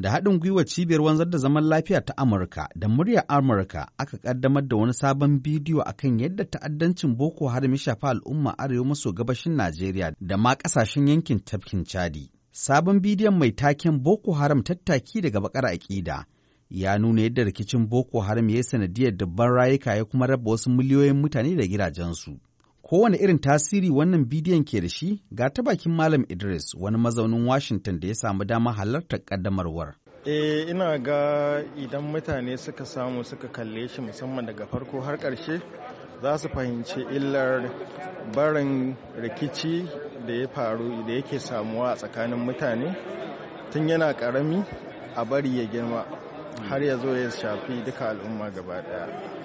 da haɗin gwiwa cibiyar wanzar da zaman lafiya ta Amurka da muryar Amurka aka ƙaddamar da wani sabon bidiyo a kan yadda ta'addancin Boko Haram ya shafi al'umma arewa maso gabashin Najeriya da ma ƙasashen yankin tafkin Chadi. Sabon bidiyon mai taken Boko Haram tattaki daga bakar aƙida ya nuna yadda rikicin Boko Haram ya yi sanadiyar dubban rayuka ya kuma raba wasu miliyoyin mutane da gidajensu. kowane irin tasiri wannan bidiyon ke da shi ga ta bakin Malam Idris wani mazaunin Washington da ya samu dama halartar kaddamarwar. Eh ina ga idan mutane suka samu suka kalle shi musamman daga farko har ƙarshe za su fahimci illar barin rikici da ya faru da yake samuwa a tsakanin mutane tun yana ƙarami a bari ya girma har ya zo ya shafi duka al'umma gaba ɗaya.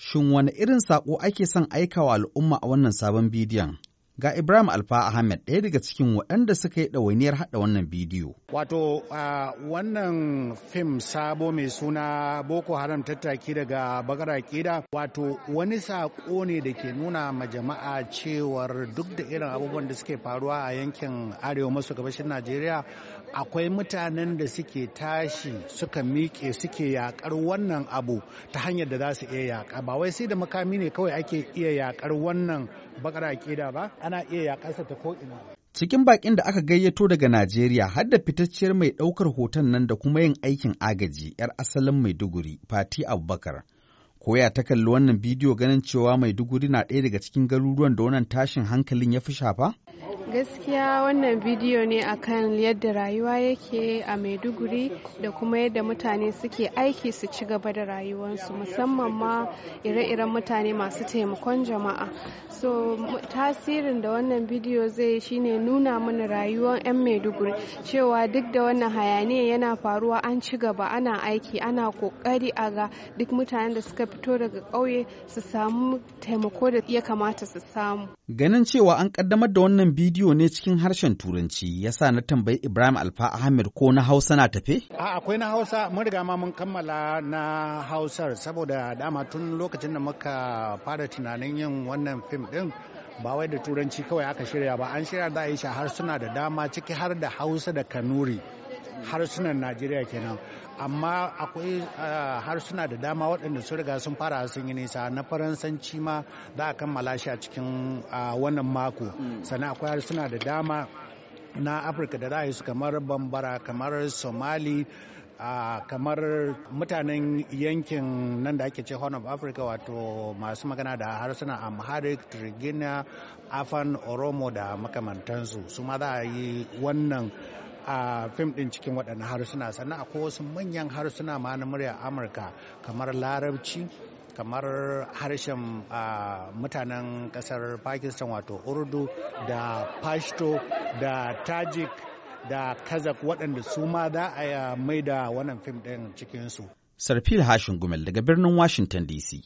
Shin wani irin saƙo ake son aikawa al'umma a wannan sabon bidiyon? Ga Ibrahim Alfa Ahmed ɗaya daga cikin waɗanda suka yi ɗawainiyar haɗa wannan bidiyo. Wato wannan fim sabo mai suna Boko Haram tattaki daga bakara kida wato wani saƙo ne da ke nuna ma jama'a cewar duk da irin abubuwan da suke faruwa a yankin arewa maso gabashin Najeriya akwai mutanen da suke tashi suka miƙe suke yaƙar wannan abu ta hanyar da za su iya yaƙa ba wai sai da makami ne kawai ake iya yaƙar wannan bakara ƙida ba ana iya yaƙarsa ta ko'ina. Cikin baƙin da aka gayyato daga Najeriya har da fitacciyar mai ɗaukar hoton nan da kuma yin aikin agaji 'yar asalin Maiduguri, Fati Abubakar. Koya ta kalli wannan bidiyo ganin cewa Maiduguri na ɗaya daga cikin garuruwan da wannan tashin hankalin ya fi shafa? gaskiya wannan bidiyo ne akan yadda rayuwa yake a maiduguri da kuma yadda mutane suke aiki su ci gaba da rayuwarsu musamman ma ire-iren mutane masu taimakon jama'a so tasirin da wannan bidiyo zai shine nuna mana rayuwar 'yan maiduguri cewa duk da wannan hayaniya yana faruwa an ci gaba ana aiki ana kokari a ga duk mutanen da suka fito daga ƙauye su samu taimako da ya kamata su samu ganin cewa an kaddamar da wannan bidiyo bidiyo ne cikin harshen Turanci ya sa na tambayi Ibrahim Alfa Ahmed ko na Hausa na tafe? A akwai na Hausa mun riga ma mun kammala na Hausar saboda dama tun lokacin da muka fara tunanin yin wannan fim din ba wai da Turanci kawai aka shirya ba an shirya da Aisha harsuna da dama ciki har da Hausa da Kanuri. harsunan najeriya kenan amma akwai ah, harsuna da dama waɗanda su riga sun fara sun yi nisa na faransanci ma za a kammala shi a cikin ah, wannan mako mm. sannan akwai harsuna da dama na afirka da za a yi su kamar bambara kamar somali a ah, kamar mutanen yankin nan da ake ce horn of africa wato masu magana da harsunan amharic trigina afan oromo da makamantansu su ma za a yi wannan a fim din cikin waɗannan harsuna sannan akwai wasu manyan harsuna ma na murya amurka kamar larabci kamar harshen mutanen ƙasar pakistan wato urdu da pashto da tajik da kazak waɗanda su ma za a mai da wannan fim ɗin cikinsu sarfil hashin gumel daga birnin washington dc